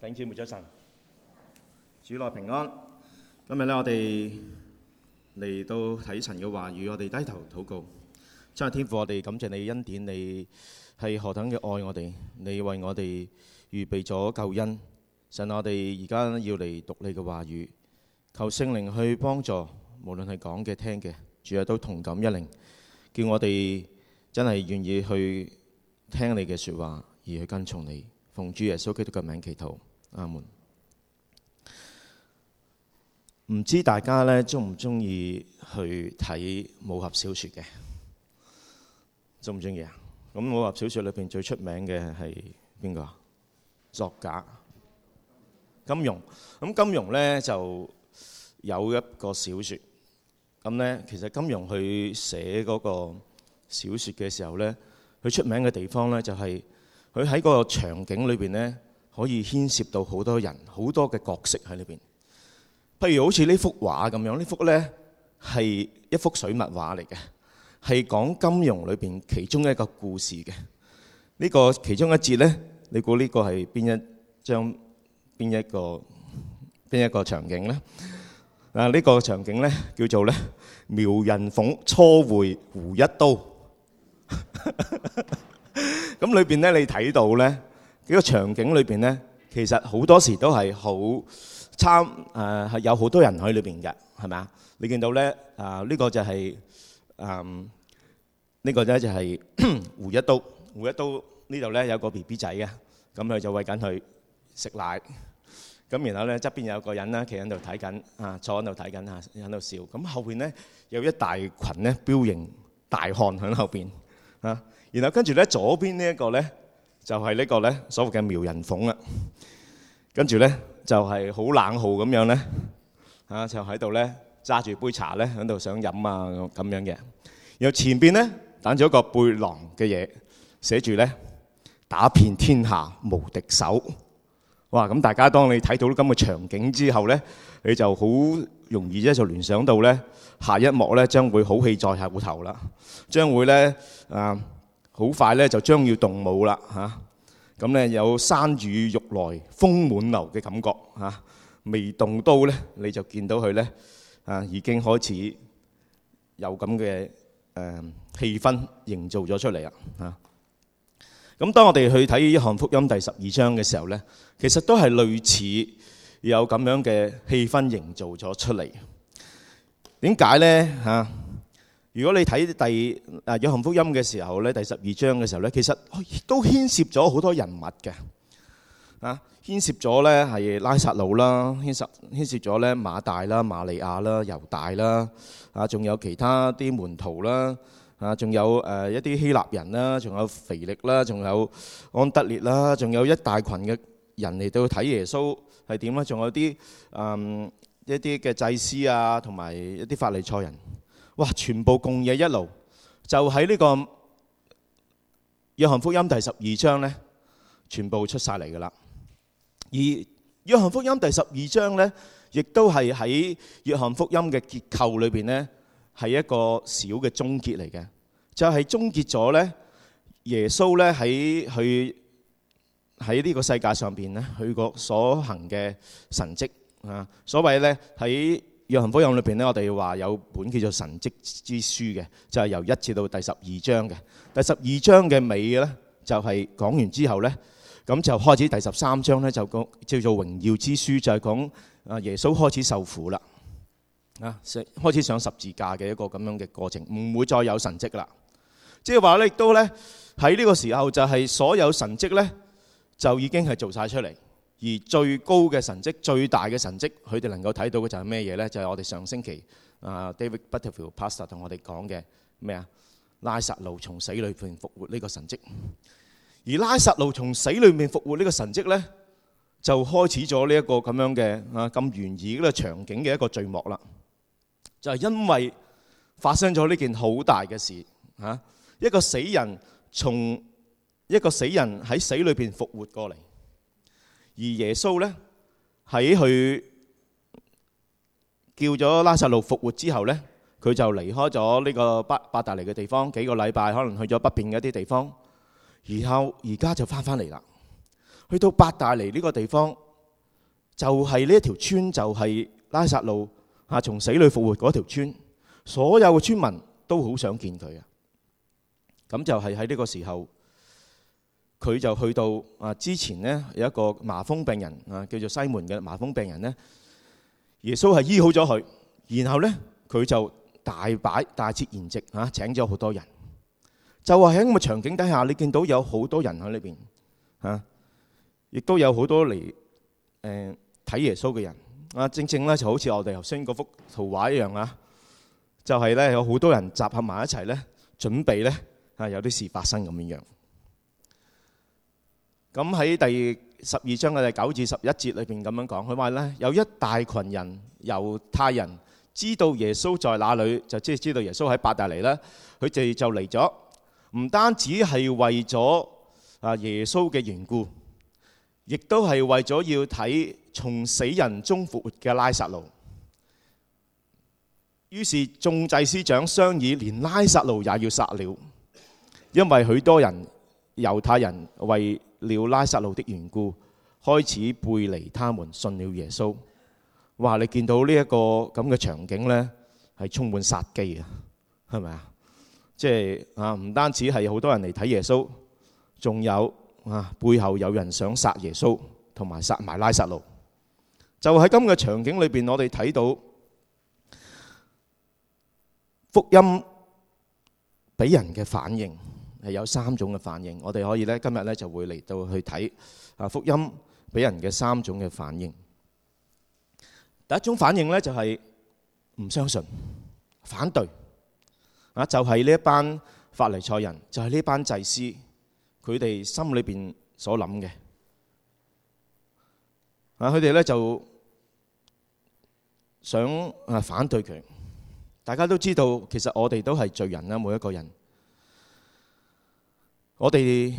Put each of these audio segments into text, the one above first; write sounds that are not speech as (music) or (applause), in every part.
頂住，早晨，主內平安。今日呢，我哋嚟到睇神嘅話語，我哋低頭禱告。真係天父，我哋感謝你恩典你，你係何等嘅愛我哋，你為我哋預備咗救恩。神，我哋而家要嚟讀你嘅話語，求聖靈去幫助，無論係講嘅、聽嘅，主日都同感一靈，叫我哋真係願意去聽你嘅說話，而去跟從你。同主耶穌基督嘅名祈禱，阿門。唔知道大家呢中唔中意去睇武俠小説嘅？中唔中意啊？咁武俠小説裏邊最出名嘅係邊個作家？金庸。咁金庸呢，就有一個小説。咁呢，其實金庸去寫嗰個小説嘅時候呢，佢出名嘅地方呢，就係、是。佢喺個場景裏邊呢，可以牽涉到好多人、好多嘅角色喺裏邊。譬如好似呢幅畫咁樣，呢幅呢係一幅水墨畫嚟嘅，係講金庸裏邊其中一個故事嘅。呢、這個其中一節呢，你估呢個係邊一張、邊一個、邊一個場景呢？啊，呢個場景呢，叫做呢：苗人鳳初會胡一刀。 (laughs) 咁裏邊咧，你睇到咧，幾個場景裏邊咧，其實好多時都係好參誒，係有好多人喺裏邊嘅，係咪啊？你見到咧，啊呢個就係，嗯，呢個咧就係胡一刀。胡一刀呢度咧有個 BB 仔嘅，咁佢就餵緊佢食奶。咁然後咧側邊有個人咧，企喺度睇緊，啊坐喺度睇緊啊，喺度笑。咁後邊咧有一大羣咧彪形大漢喺後邊，啊。然後，跟住呢，左邊呢個呢，就係呢個呢，所謂嘅苗人鳳。跟住呢，就係好冷酷咁樣呢，啊就喺度呢，揸住杯茶呢，喺度想飲啊，咁樣嘅。然後，前邊呢，彈咗一個背囊嘅嘢，寫住呢，打遍天下無敵手。哇，咁大家當你睇到咁嘅場景之後呢，你就好容易呢，就聯想到呢，下一幕呢，將會好戲，再下後頭啦，將會呢，好快咧就將要動武啦嚇，咁咧有山雨欲來風滿樓嘅感覺嚇。未動刀咧，你就見到佢咧，啊已經開始有咁嘅誒氣氛營造咗出嚟啊嚇。咁當我哋去睇《約翰福音》第十二章嘅時候咧，其實都係類似有咁樣嘅氣氛營造咗出嚟。點解咧嚇？如果你睇第啊《約翰福音》嘅時候咧，第十二章嘅時候咧，其實都牽涉咗好多人物嘅啊，牽涉咗咧係拉撒路啦，牽涉牽涉咗咧馬大啦、瑪利亞啦、猶大啦，啊，仲有其他啲門徒啦，啊，仲有誒一啲希臘人啦，仲有腓力啦，仲有安德烈啦，仲有一大群嘅人嚟到睇耶穌係點咧？仲有啲嗯一啲嘅祭司啊，同埋一啲法利賽人。哇！全部共嘢一路就喺呢個約翰福音第十二章呢，全部出晒嚟噶啦。而約翰福音第十二章呢，亦都係喺約翰福音嘅結構裏邊呢，係一個小嘅終結嚟嘅，就係、是、終結咗呢：耶穌呢喺佢喺呢個世界上邊呢，佢個所行嘅神蹟啊，所謂呢。喺。《約翰福音》裏邊呢，我哋話有本叫做《神蹟之書》嘅，就係由一至到第十二章嘅。第十二章嘅尾咧，就係講完之後咧，咁就開始第十三章咧，就講叫做《榮耀之書》，就係講啊耶穌開始受苦啦，啊上開始上十字架嘅一個咁樣嘅過程，唔會再有神蹟啦。即係話咧，亦都咧喺呢個時候就係所有神蹟咧，就已經係做晒出嚟。而最高嘅神蹟，最大嘅神蹟，佢哋能夠睇到嘅就係咩嘢咧？就係、是、我哋上星期啊，David Butterfield Pastor 同我哋講嘅咩啊？拉撒路從死裏面復活呢個神蹟，而拉撒路從死裏面復活呢個神蹟咧，就開始咗呢一個咁樣嘅啊咁懸疑呢個場景嘅一個序幕啦。就係、是、因為發生咗呢件好大嘅事吓，一個死人從一個死人喺死裏邊復活過嚟。而耶穌呢，喺佢叫咗拉撒路復活之後呢，佢就離開咗呢個伯大尼嘅地方幾個禮拜，可能去咗北邊嘅一啲地方，然後而家就翻返嚟啦。去到伯大尼呢個地方，就係呢一條村，就係拉撒路嚇從死裏復活嗰條村，所有嘅村民都好想見佢啊！咁就係喺呢個時候。佢就去到啊！之前呢，有一個麻風病人啊，叫做西門嘅麻風病人呢。耶穌係醫好咗佢，然後呢，佢就大擺大設筵席啊，請咗好多人。就話喺咁嘅場景底下，你見到有好多人喺呢邊啊，亦都有好多嚟誒睇耶穌嘅人啊。正正咧就好似我哋頭先嗰幅圖畫一樣啊，就係咧有好多人集合埋一齊咧，準備咧啊有啲事發生咁樣。咁喺第十二章嘅第九至十一節裏邊，咁樣講，佢話咧，有一大群人猶太人知道耶穌在哪裏，就即係知道耶穌喺八大尼咧。佢哋就嚟咗，唔單止係為咗啊耶穌嘅緣故，亦都係為咗要睇從死人中復活嘅拉撒路。於是眾祭司長商議，連拉撒路也要殺了，因為許多人猶太人為。了拉撒路的緣故，開始背離他們，信了耶穌。哇！你見到呢、這、一個咁嘅場景呢，係充滿殺機啊，係咪啊？即係啊，唔單止係好多人嚟睇耶穌，仲有啊，背後有人想殺耶穌，同埋殺埋拉撒路。就喺咁嘅場景裏邊，我哋睇到福音俾人嘅反應。係有三種嘅反應，我哋可以咧今日咧就會嚟到去睇啊福音俾人嘅三種嘅反應。第一種反應咧就係唔相信、反對啊，就係呢一班法利賽人，就係呢班祭司，佢哋心裏邊所諗嘅啊，佢哋咧就想啊反對佢。大家都知道，其實我哋都係罪人啦，每一個人。我哋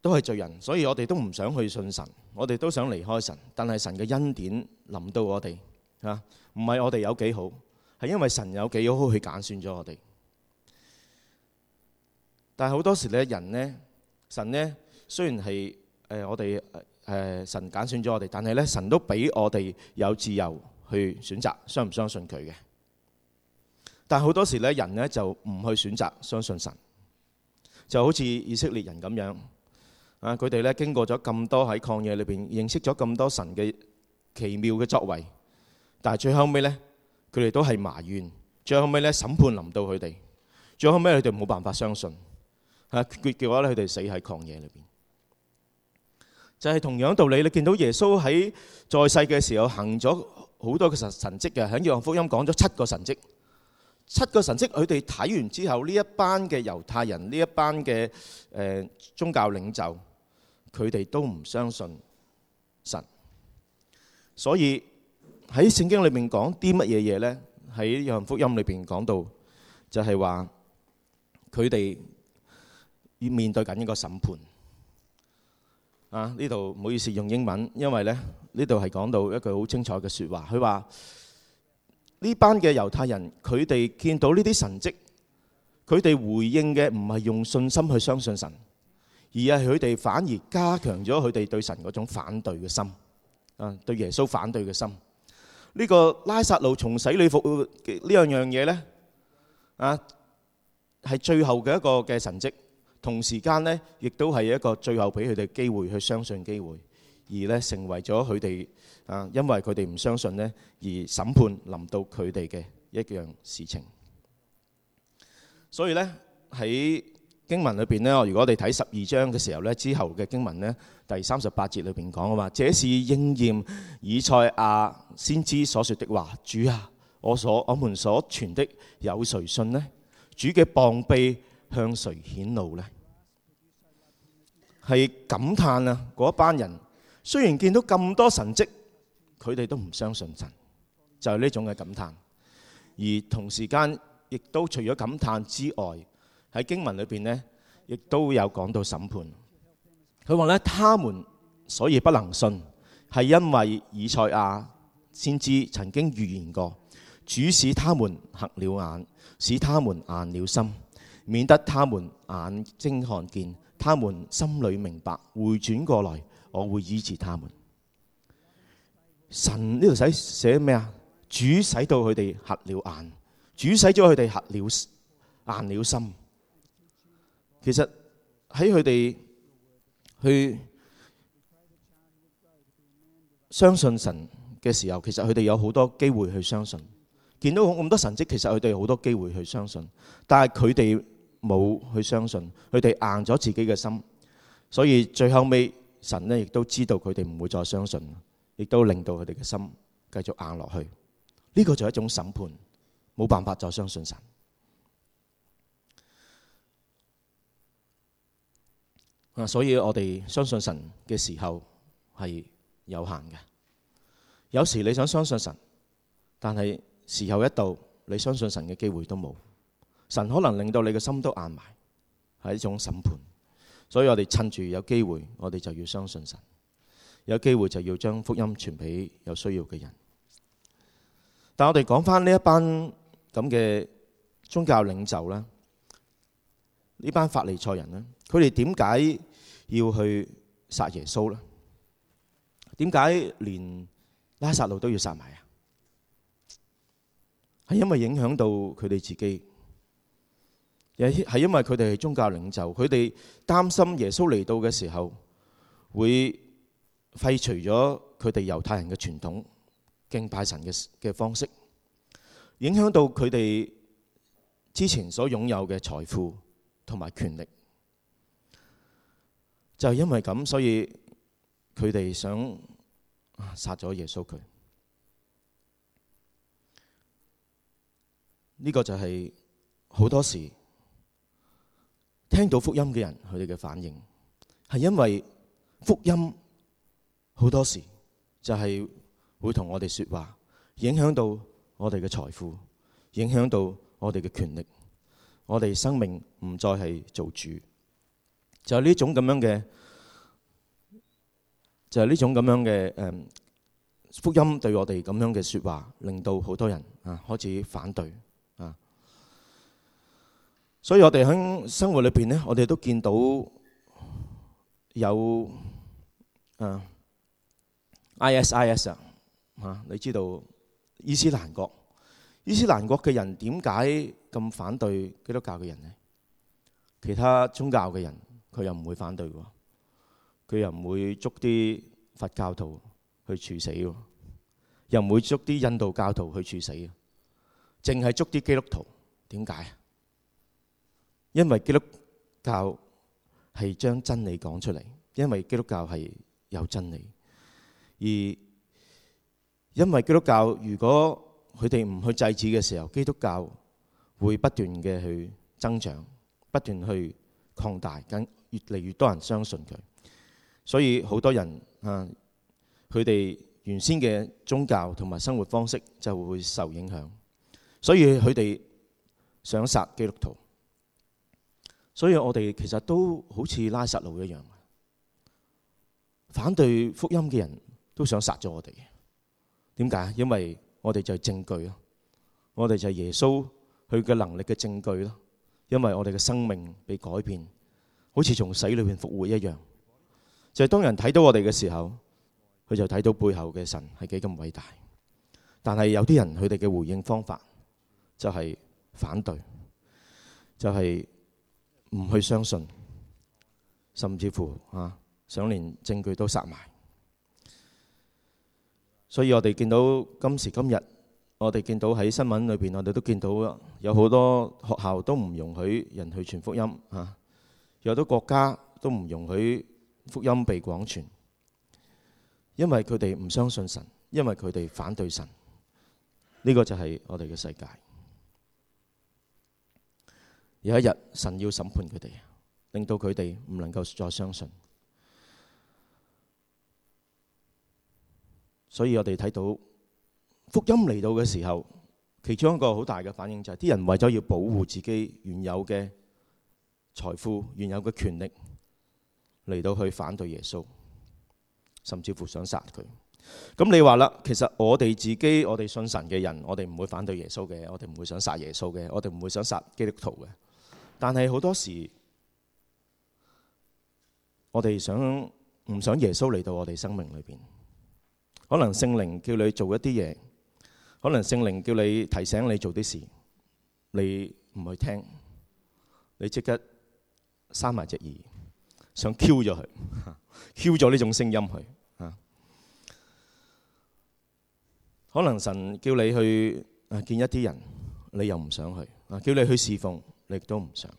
都係罪人，所以我哋都唔想去信神，我哋都想離開神。但係神嘅恩典臨到我哋，吓，唔係我哋有幾好，係因為神有幾好去揀選咗我哋。但係好多時咧，人呢，神呢，雖然係誒、呃、我哋誒、呃、神揀選咗我哋，但係咧，神都俾我哋有自由去選擇相唔相信佢嘅。但係好多時咧，人呢，就唔去選擇相信神。就好似以色列人咁樣，啊佢哋咧經過咗咁多喺曠野裏面認識咗咁多神嘅奇妙嘅作為，但係最後尾呢，佢哋都係埋怨，最後尾咧審判臨到佢哋，最後尾佢哋冇辦法相信，嚇佢嘅話咧佢哋死喺曠野裏面。就係、係、同樣道理，你見到耶穌喺在，在世嘅時候行咗好多嘅神蹟嘅，喺《約翰福音》講咗七個神蹟。七個神跡，佢哋睇完之後，呢一班嘅猶太人，呢一班嘅、呃、宗教領袖，佢哋都唔相信神。所以喺聖經裏面講啲乜嘢嘢呢？喺《約翰福音》裏邊講到，就係話佢哋要面對緊一個審判。啊！呢度唔好意思用英文，因為咧呢度係講到一句好清楚嘅説話。佢話。呢班嘅猶太人，佢哋見到呢啲神蹟，佢哋回應嘅唔係用信心去相信神，而係佢哋反而加強咗佢哋對神嗰種反對嘅心，啊，對耶穌反對嘅心。呢個拉撒路從死裏復活嘅呢樣樣嘢咧，啊，係最後嘅一個嘅神蹟，同時間咧，亦都係一個最後俾佢哋機會去相信機會。而咧成為咗佢哋啊，因為佢哋唔相信呢，而審判臨到佢哋嘅一樣事情。所以呢，喺經文裏邊呢，我如果我哋睇十二章嘅時候呢，之後嘅經文呢，第三十八節裏邊講嘅話，這是應驗以賽亞先知所說的話。主啊，我所我們所傳的有誰信呢？主嘅膀臂向誰顯露呢？係感嘆啊，嗰班人。雖然見到咁多神跡，佢哋都唔相信神，就係、是、呢種嘅感嘆。而同時間亦都除咗感嘆之外，喺經文裏面呢，亦都有講到審判。佢話咧，他們所以不能信，係因為以賽亞先知曾經預言過，主使他們瞎了眼，使他們硬了心，免得他們眼睛看見，他們心裏明白，回轉過來。我會醫治他們。神呢度使寫咩啊？主使到佢哋瞎了眼，主使咗佢哋瞎了眼了，硬了心。其實喺佢哋去相信神嘅時候，其實佢哋有好多機會去相信。見到咁多神跡，其實佢哋好多機會去相信，但係佢哋冇去相信，佢哋硬咗自己嘅心，所以最後尾。神呢亦都知道佢哋唔會再相信，亦都令到佢哋嘅心繼續硬落去。呢個就係一種審判，冇辦法再相信神。所以我哋相信神嘅時候係有限嘅。有時你想相信神，但係時候一到，你相信神嘅機會都冇。神可能令到你嘅心都硬埋，係一種審判。所以我哋趁住有機會，我哋就要相信神；有機會就要將福音傳俾有需要嘅人。但我哋講翻呢一班咁嘅宗教領袖啦，呢班法利賽人呢，佢哋點解要去殺耶穌咧？點解連拉撒路都要殺埋啊？係因為影響到佢哋自己。又係因為佢哋係宗教領袖，佢哋擔心耶穌嚟到嘅時候會廢除咗佢哋猶太人嘅傳統敬拜神嘅嘅方式，影響到佢哋之前所擁有嘅財富同埋權力，就係因為咁，所以佢哋想殺咗耶穌佢。呢個就係好多時，聽到福音嘅人，佢哋嘅反應係因為福音好多時就係會同我哋説話，影響到我哋嘅財富，影響到我哋嘅權力，我哋生命唔再係做主，就係呢種咁樣嘅，就係呢種咁樣嘅誒福音對我哋咁樣嘅説話，令到好多人啊開始反對。所以我哋喺生活裏邊咧，我哋都見到有啊，ISIS 啊，你知道伊斯蘭國，伊斯蘭國嘅人點解咁反對基督教嘅人呢？其他宗教嘅人佢又唔會反對喎，佢又唔會捉啲佛教徒去處死喎，又唔會捉啲印度教徒去處死，淨係捉啲基督徒。點解？因為基督教係將真理講出嚟，因為基督教係有真理。而因為基督教，如果佢哋唔去制止嘅時候，基督教會不斷嘅去增長，不斷去擴大，更越嚟越多人相信佢，所以好多人啊，佢哋原先嘅宗教同埋生活方式就會受影響，所以佢哋想殺基督徒。所以我哋其實都好似拉薩路一樣，反對福音嘅人都想殺咗我哋。點解？因為我哋就係證據咯，我哋就係耶穌佢嘅能力嘅證據咯。因為我哋嘅生命被改變，好似從死裏邊復活一樣。就係當人睇到我哋嘅時候，佢就睇到背後嘅神係幾咁偉大。但係有啲人，佢哋嘅回應方法就係反對，就係、是。唔去相信，甚至乎啊，想連證據都殺埋。所以我哋見到今時今日，我哋見到喺新聞裏邊，我哋都見到有好多學校都唔容許人去傳福音啊，有好多國家都唔容許福音被廣傳，因為佢哋唔相信神，因為佢哋反對神。呢個就係我哋嘅世界。有一日神要審判佢哋，令到佢哋唔能夠再相信。所以我哋睇到福音嚟到嘅時候，其中一個好大嘅反應就係啲人為咗要保護自己原有嘅財富、原有嘅權力，嚟到去反對耶穌，甚至乎想殺佢。咁你話啦，其實我哋自己，我哋信神嘅人，我哋唔會反對耶穌嘅，我哋唔會想殺耶穌嘅，我哋唔會想殺基督徒嘅。但係好多時，我哋想唔想耶穌嚟到我哋生命裏邊？可能聖靈叫你做一啲嘢，可能聖靈叫你提醒你做啲事，你唔去聽，你即刻閂埋隻耳，想 Q 咗佢，Q 咗呢種聲音去。可能神叫你去見一啲人，你又唔想去，叫你去侍奉。你亦都唔想，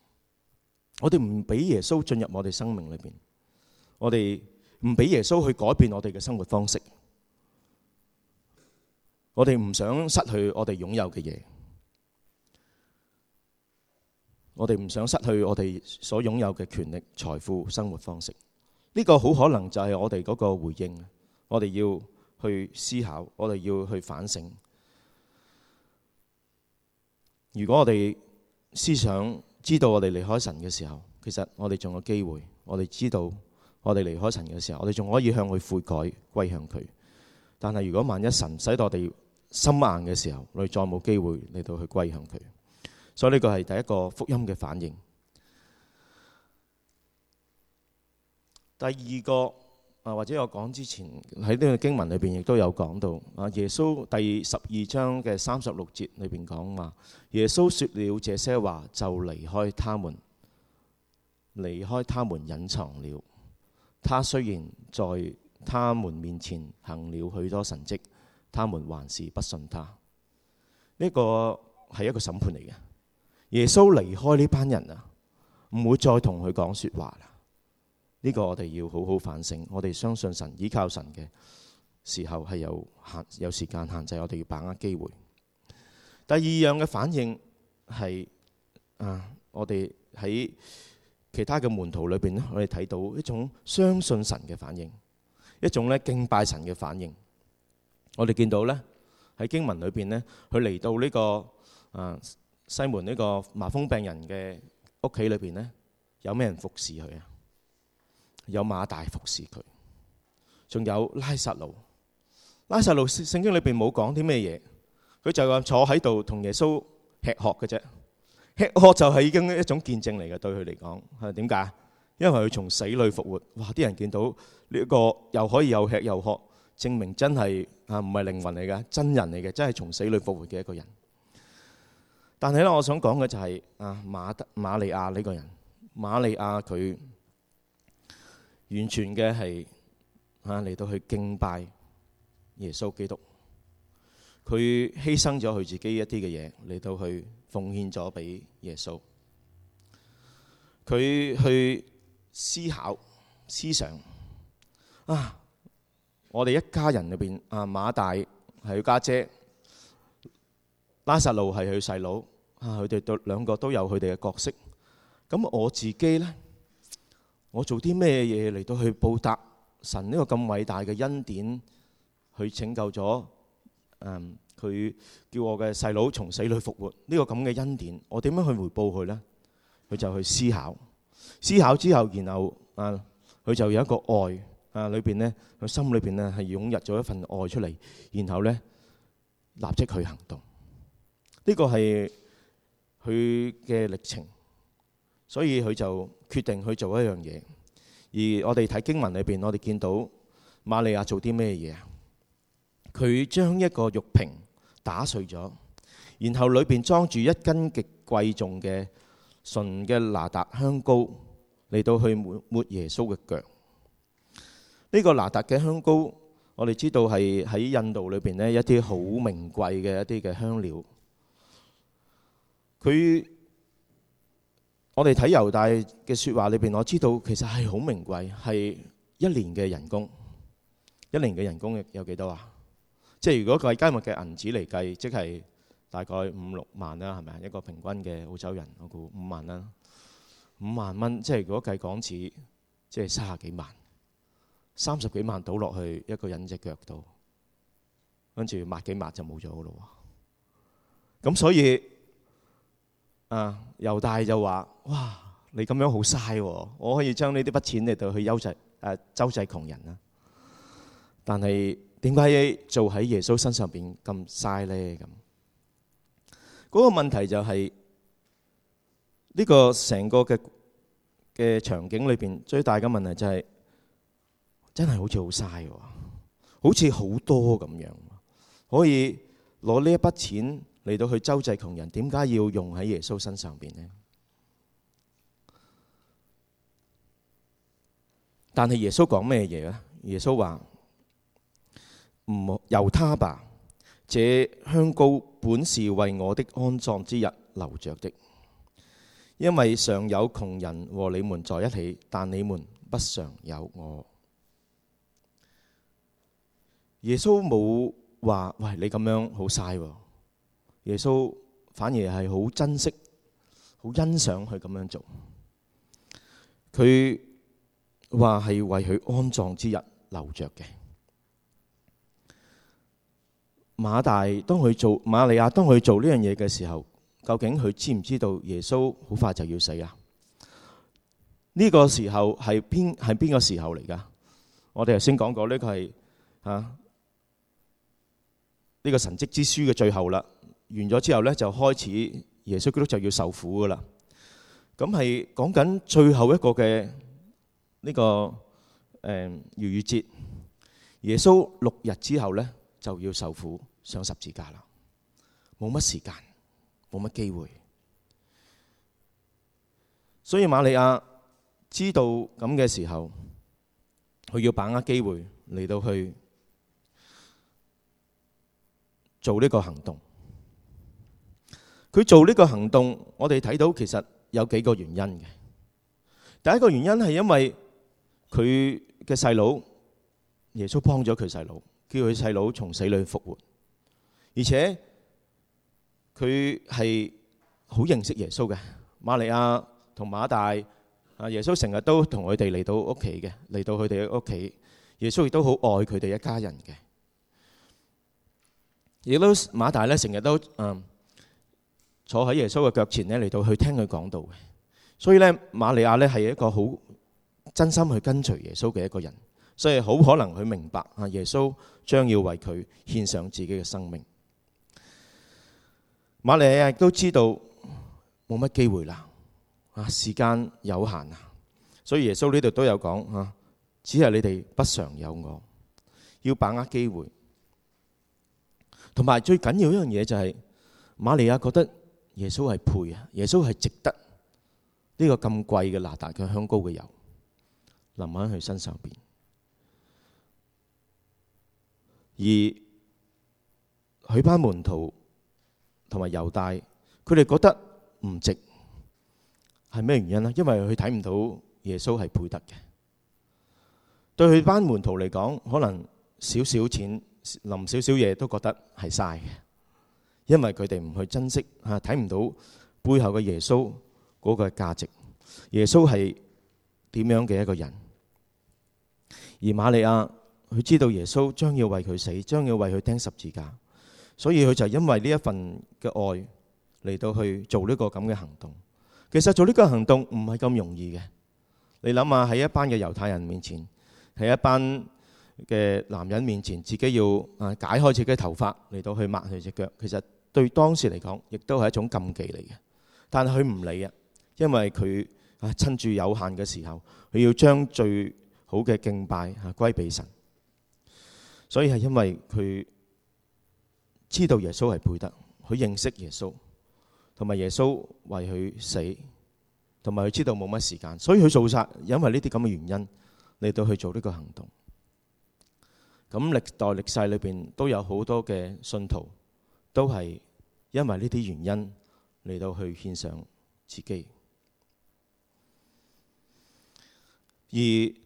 我哋唔俾耶穌進入我哋生命裏邊，我哋唔俾耶穌去改變我哋嘅生活方式，我哋唔想失去我哋擁有嘅嘢，我哋唔想失去我哋所擁有嘅權力、財富、生活方式，呢個好可能就係我哋嗰個回應，我哋要去思考，我哋要去反省。如果我哋思想知道我哋離開神嘅時候，其實我哋仲有機會。我哋知道我哋離開神嘅時候，我哋仲可以向佢悔改、歸向佢。但係如果萬一神使到我哋心硬嘅時候，我哋再冇機會嚟到去歸向佢。所以呢個係第一個福音嘅反應。第二個。啊，或者我講之前喺呢個經文裏面亦都有講到啊。耶穌第十二章嘅三十六節裏面講話，耶穌說了這些話就離開他們，離開他們隱藏了。他雖然在他們面前行了很多神蹟，他們還是不信他。呢、這個係一個審判嚟嘅。耶穌離開呢班人啊，唔會再同佢講説話啦。呢個我哋要好好反省。我哋相信神，依靠神嘅時候係有限，有時間限制，我哋要把握機會。第二樣嘅反應係啊，我哋喺其他嘅門徒裏邊咧，我哋睇到一種相信神嘅反應，一種咧敬拜神嘅反應。我哋見到咧喺經文裏邊咧，佢嚟到呢個啊西門呢個麻風病人嘅屋企裏邊咧，有咩人服侍佢啊？有馬大服侍佢，仲有拉撒路，拉撒路聖經裏邊冇講啲咩嘢，佢就話坐喺度同耶穌吃喝嘅啫，吃喝就係已經一種見證嚟嘅，對佢嚟講係點解？因為佢從死裏復活，哇！啲人見到呢個又可以又吃又喝，證明真係啊唔係靈魂嚟嘅，真人嚟嘅，真係從死裏復活嘅一個人。但係咧，我想講嘅就係啊馬德馬利亞呢個人，馬利亞佢。完全嘅係啊，嚟到去敬拜耶穌基督，佢犧牲咗佢自己一啲嘅嘢嚟到去奉獻咗俾耶穌，佢去思考、思想啊！我哋一家人入邊啊，馬大係佢家姐，拉撒路係佢細佬啊，佢哋都兩個都有佢哋嘅角色。咁我自己呢？我做啲咩嘢嚟到去報答神呢個咁偉大嘅恩典，去拯救咗，佢、嗯、叫我嘅細佬從死裏復活，呢個咁嘅恩典，我點樣去回報佢呢？佢就去思考，思考之後，然後啊，佢就有一個愛啊，裏邊呢，佢心裏邊呢，係湧入咗一份愛出嚟，然後呢，立即去行動。呢個係佢嘅歷程。所以佢就決定去做一樣嘢，而我哋睇經文裏邊，我哋見到瑪利亞做啲咩嘢？佢將一個玉瓶打碎咗，然後裏邊裝住一斤極貴重嘅純嘅拿達香膏嚟到去抹耶穌嘅腳。呢個拿達嘅香膏，我哋知道係喺印度裏邊呢，一啲好名貴嘅一啲嘅香料。佢。我哋睇猶大嘅説話裏邊，我知道其實係好名貴，係一年嘅人工。一年嘅人工有幾多啊？即係如果計今日嘅銀紙嚟計，即係大概五六萬啦，係咪啊？一個平均嘅澳洲人，我估五萬啦，五萬蚊。即係如果計港紙，即係三十幾萬，三十幾萬倒落去一個人隻腳度，跟住抹幾抹就冇咗咯。咁所以。啊！猶大就話：哇！你咁樣好嘥喎，我可以將呢啲筆錢嚟到去優誒周濟窮人啦。但係點解做喺耶穌身上邊咁嘥咧？咁、那、嗰個問題就係、是、呢、這個成個嘅嘅場景裏邊最大嘅問題就係、是、真係好似好嘥喎，好似好多咁樣，可以攞呢一筆錢。嚟到去周濟窮人，點解要用喺耶穌身上邊呢？但係耶穌講咩嘢咧？耶穌話由他吧，這香膏本是為我的安葬之日留着的，因為常有窮人和你們在一起，但你們不常有我。耶穌冇話喂，你咁樣好嘥。耶穌反而係好珍惜、好欣賞佢咁樣做。佢話係為佢安葬之日留着嘅。馬大當佢做馬利亞當佢做呢樣嘢嘅時候，究竟佢知唔知道耶穌好快就要死啦、啊？呢個時候係邊係邊個時候嚟噶？我哋頭先講過呢個係啊呢個神蹟之書嘅最後啦。完咗之後咧，就開始耶穌基督就要受苦噶啦。咁係講緊最後一個嘅呢個誒逾越節，耶穌六日之後咧就要受苦上十字架啦。冇乜時間，冇乜機會，所以瑪利亞知道咁嘅時候，佢要把握機會嚟到去做呢個行動。佢做呢個行動，我哋睇到其實有幾個原因嘅。第一個原因係因為佢嘅細佬耶穌幫咗佢細佬，叫佢細佬從死裏復活，而且佢係好認識耶穌嘅瑪利亞同馬大啊。耶穌成日都同佢哋嚟到屋企嘅，嚟到佢哋嘅屋企，耶穌亦都好愛佢哋一家人嘅。亦都馬大咧，成日都嗯。坐喺耶穌嘅腳前咧，嚟到去聽佢講道嘅，所以咧瑪利亞咧係一個好真心去跟隨耶穌嘅一個人，所以好可能佢明白啊耶穌將要為佢獻上自己嘅生命。瑪利亞都知道冇乜機會啦，啊時間有限啊，所以耶穌呢度都有講啊，只係你哋不常有我，要把握機會。同埋最緊要一樣嘢，就係瑪利亞覺得。耶穌係配啊！耶穌係值得呢個咁貴嘅拿達嘅香膏嘅油淋喺佢身上邊，而佢班門徒同埋猶大，佢哋覺得唔值，係咩原因呢？因為佢睇唔到耶穌係配得嘅。對佢班門徒嚟講，可能少少錢淋少少嘢都覺得係嘥嘅。因為佢哋唔去珍惜，啊睇唔到背後嘅耶穌嗰個價值。耶穌係點樣嘅一個人？而瑪利亞佢知道耶穌將要為佢死，將要為佢釘十字架，所以佢就因為呢一份嘅愛嚟到去做呢個咁嘅行動。其實做呢個行動唔係咁容易嘅。你諗下喺一班嘅猶太人面前，喺一班嘅男人面前，自己要啊解開自己嘅頭髮嚟到去抹佢隻腳，其實。對當時嚟講，亦都係一種禁忌嚟嘅。但係佢唔理啊，因為佢啊趁住有限嘅時候，佢要將最好嘅敬拜啊歸俾神。所以係因為佢知道耶穌係配得，佢認識耶穌，同埋耶穌為佢死，同埋佢知道冇乜時間，所以佢做晒。因為呢啲咁嘅原因，嚟到去做呢個行動。咁歷代歷世裏邊都有好多嘅信徒，都係。因為呢啲原因嚟到去獻上自己，而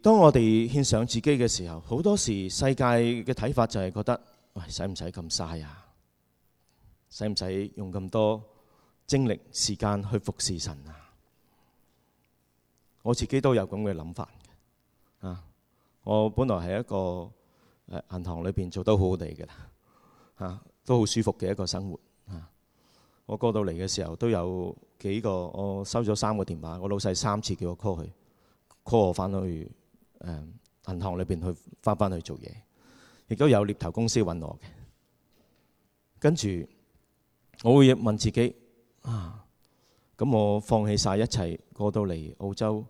當我哋獻上自己嘅時候，好多時世界嘅睇法就係覺得喂，使唔使咁嘥啊？使唔使用咁多精力時間去服侍神啊？我自己都有咁嘅諗法啊。我本來係一個誒銀行裏邊做得好好地嘅啦，吓，都好舒服嘅一個生活。我過到嚟嘅時候都有幾個，我收咗三個電話。我老細三次叫我 call 佢，call 我返去誒、嗯、銀行裏邊去返返去做嘢，亦都有獵頭公司搵我嘅。跟住我會問自己啊，咁我放棄晒一切過到嚟澳洲，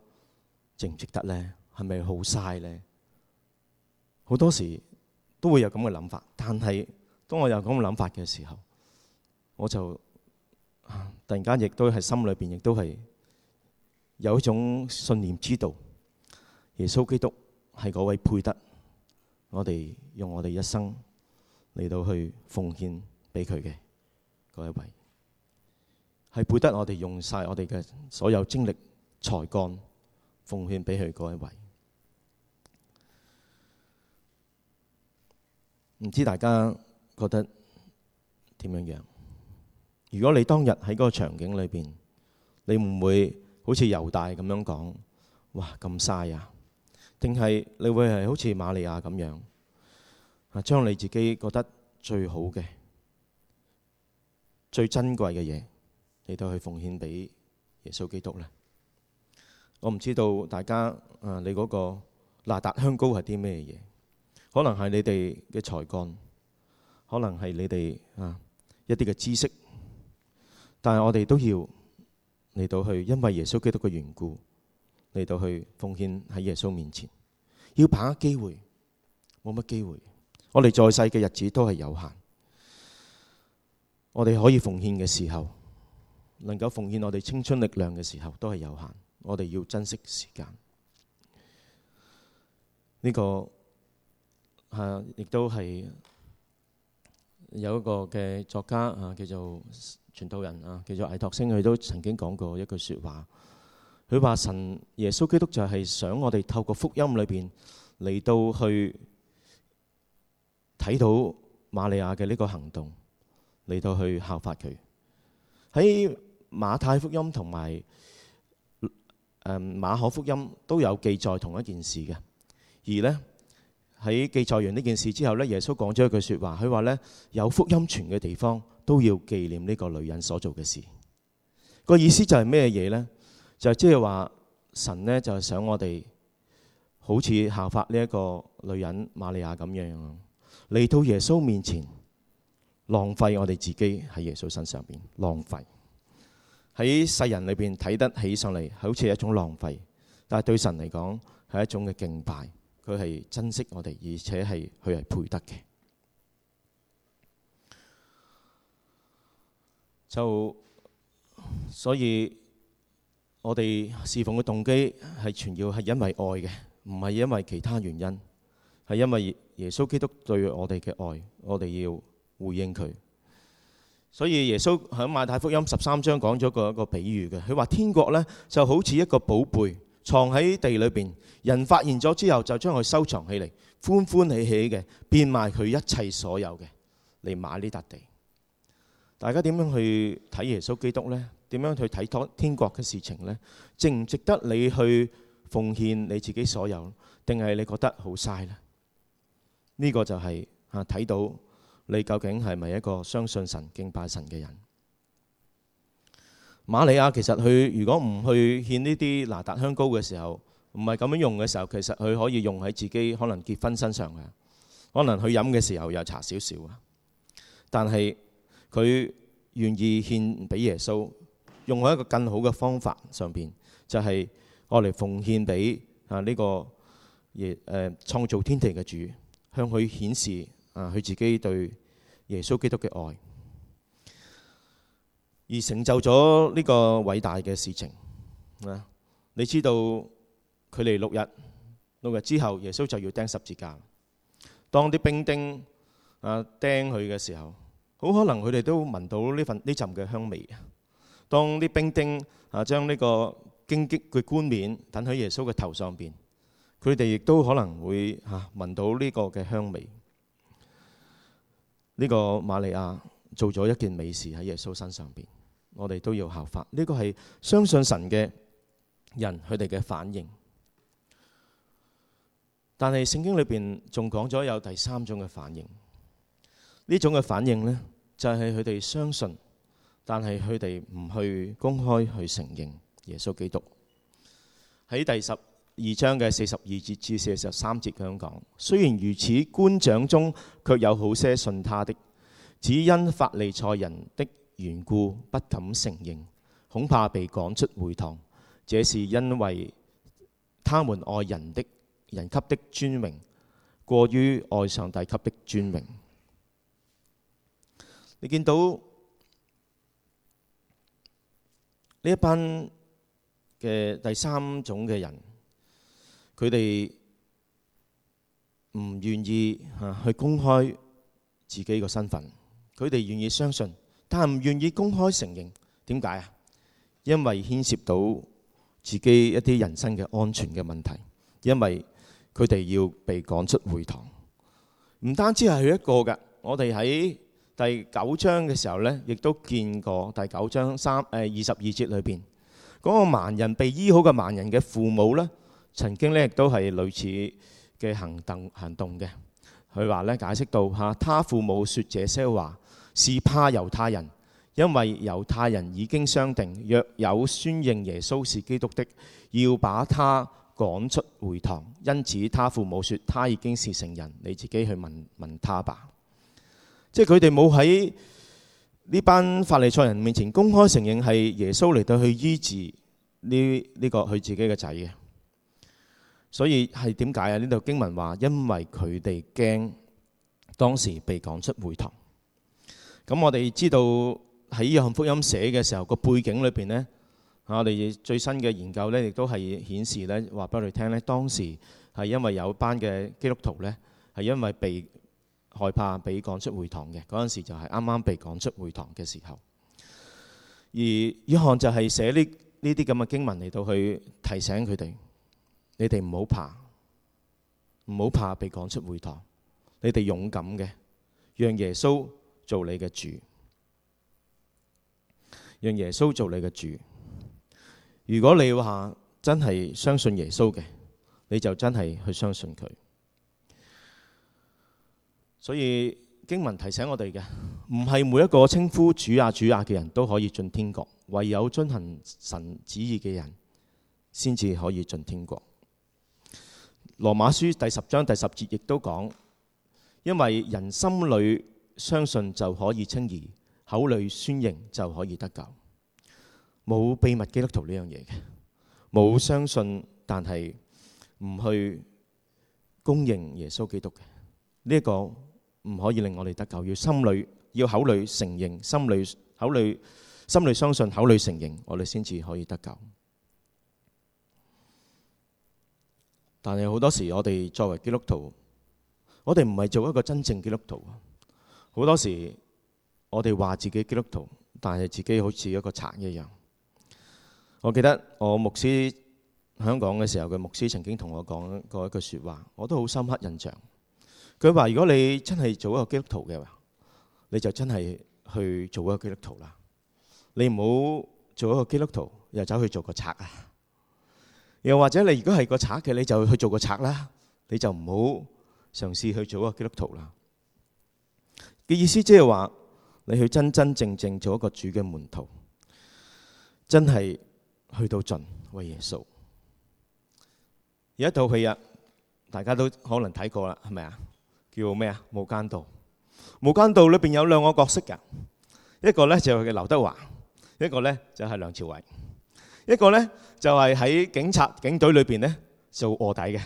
值唔值得呢？係咪好嘥呢？好多時都會有咁嘅諗法，但係當我有咁嘅諗法嘅時候，我就，突然間，亦都係心裏邊，亦都係有一種信念，知道耶穌基督係嗰位配得我哋用我哋一生嚟到去奉獻俾佢嘅嗰一位，係配得我哋用晒我哋嘅所有精力才幹奉獻俾佢嗰一位。唔知大家覺得點樣樣？如果你當日喺嗰個場景裏邊，你唔會好似猶大咁樣講：「哇，咁嘥啊！」定係你會係好似瑪利亞咁樣啊，將你自己覺得最好嘅、最珍貴嘅嘢，你都去奉獻俾耶穌基督呢？我唔知道大家啊，你嗰個哪噠香膏係啲咩嘢？可能係你哋嘅才幹，可能係你哋啊一啲嘅知識。但係我哋都要嚟到去，因為耶穌基督嘅緣故嚟到去奉獻喺耶穌面前。要把握機會，冇乜機會。我哋在世嘅日子都係有限，我哋可以奉獻嘅時候，能夠奉獻我哋青春力量嘅時候都係有限。我哋要珍惜時間。呢、這個吓亦、啊、都係有一個嘅作家啊，叫做。傳道人啊，其實艾托星佢都曾經講過一句説話，佢話神耶穌基督就係想我哋透過福音裏邊嚟到去睇到瑪利亞嘅呢個行動，嚟到去效法佢。喺馬太福音同埋誒馬可福音都有記載同一件事嘅。而呢，喺記載完呢件事之後呢，耶穌講咗一句説話，佢話呢：「有福音傳嘅地方，都要紀念呢個女人所做嘅事，個意思就係咩嘢呢？就係即係話神呢，就係想我哋好似效法呢一個女人瑪利亞咁樣，嚟到耶穌面前浪費我哋自己，喺耶穌身上邊浪費，喺世人裏邊睇得起上嚟好似一種浪費，但係對神嚟講係一種嘅敬拜，佢係珍惜我哋，而且係佢係配得嘅。就所以，我哋侍奉嘅動機係全要係因為愛嘅，唔係因為其他原因，係因為耶穌基督對我哋嘅愛，我哋要回應佢。所以耶穌響馬太福音十三章講咗個一個比喻嘅，佢話天國咧就好似一個寶貝藏喺地裏邊，人發現咗之後就將佢收藏起嚟，歡歡喜喜嘅變賣佢一切所有嘅嚟買呢笪地。大家點樣去睇耶穌基督呢？點樣去睇托天國嘅事情呢？值唔值得你去奉獻你自己所有，定係你覺得好嘥呢？呢、這個就係啊睇到你究竟係咪一個相信神、敬拜神嘅人？馬利亞其實佢如果唔去獻呢啲哪噠香膏嘅時候，唔係咁樣用嘅時候，其實佢可以用喺自己可能結婚身上嘅，可能佢飲嘅時候又搽少少啊。但係，佢願意獻俾耶穌，用一個更好嘅方法上面，就係我嚟奉獻俾啊呢個耶、呃、創造天地嘅主，向佢顯示啊佢自己對耶穌基督嘅愛，而成就咗呢個偉大嘅事情啊！你知道距離六日，六日之後，耶穌就要釘十字架。當啲兵丁啊釘佢嘅時候，好可能佢哋都聞到呢份呢陣嘅香味。當啲兵丁啊將呢個荊棘嘅冠冕頂喺耶穌嘅頭上邊，佢哋亦都可能會吓聞到呢個嘅香味。呢個瑪利亞做咗一件美事喺耶穌身上邊，我哋都要效法。呢個係相信神嘅人佢哋嘅反應。但係聖經裏邊仲講咗有第三種嘅反應。呢種嘅反應呢，就係佢哋相信，但係佢哋唔去公開去承認耶穌基督。喺第十二章嘅四十二節至四十三節咁樣講，雖然如此，官長中卻有好些信他的，只因法利賽人的緣故，不敢承認，恐怕被趕出會堂。這是因為他們愛人的、人級的尊榮，過於愛上帝級的尊榮。你見到呢一班嘅第三種嘅人，佢哋唔願意去公開自己個身份，佢哋願意相信，但係唔願意公開承認。點解啊？因為牽涉到自己一啲人身嘅安全嘅問題，因為佢哋要被趕出會堂。唔單止係佢一個㗎，我哋喺。第九章嘅時候呢，亦都見過第九章三誒二十二節裏邊嗰個盲人被醫好嘅盲人嘅父母呢，曾經呢亦都係類似嘅行動行動嘅。佢話呢，解釋到嚇，他父母説這些話是怕猶太人，因為猶太人已經商定，若有宣認耶穌是基督的，要把他趕出會堂。因此他父母説，他已經是成人，你自己去問問他吧。即係佢哋冇喺呢班法利賽人面前公開承認係耶穌嚟到去醫治呢呢、呢個佢自己嘅仔嘅，所以係點解啊？呢度經文話，因為佢哋驚當時被趕出會堂。咁我哋知道喺《約翰福音》寫嘅時候個背景裏邊咧，我哋最新嘅研究呢亦都係顯示呢，話俾你聽呢，當時係因為有班嘅基督徒呢，係因為被害怕被趕出會堂嘅嗰陣時，就係啱啱被趕出會堂嘅時候。而約翰就係寫呢呢啲咁嘅經文嚟到去提醒佢哋，你哋唔好怕，唔好怕被趕出會堂。你哋勇敢嘅，讓耶穌做你嘅主，讓耶穌做你嘅主。如果你話真係相信耶穌嘅，你就真係去相信佢。所以經文提醒我哋嘅，唔係每一個稱呼主啊，主啊嘅人都可以進天國，唯有遵行神旨意嘅人先至可以進天國。羅馬書第十章第十節亦都講，因為人心裏相信就可以稱義，口裏宣認就可以得救。冇秘密基督徒呢樣嘢嘅，冇相信但係唔去公認耶穌基督嘅呢一個。唔可以令我哋得救，要心裏要口裏承認，心裏口裏心裏相信，口裏承認，我哋先至可以得救。但係好多時，我哋作為基督徒，我哋唔係做一個真正基督徒。好多時，我哋話自己基督徒，但係自己好似一個賊一樣。我記得我牧師香港嘅時候，嘅牧師曾經同我講過一句說話，我都好深刻印象。佢話：如果你真係做一個基督徒嘅話，你就真係去做一個基督徒啦。你唔好做一個基督徒又走去做個賊啊！又或者你如果係個賊嘅，你就去做個賊啦。你就唔好嘗試去做一個基督徒啦。嘅意思即係話，你去真真正正做一個主嘅門徒，真係去到盡喂，為耶穌。有一套戲啊，大家都可能睇過啦，係咪啊？叫咩啊？無間道，無間道裏邊有兩個角色㗎，一個咧就係劉德華，一個咧就係梁朝偉，一個咧就係喺警察警隊裏邊咧做卧底嘅。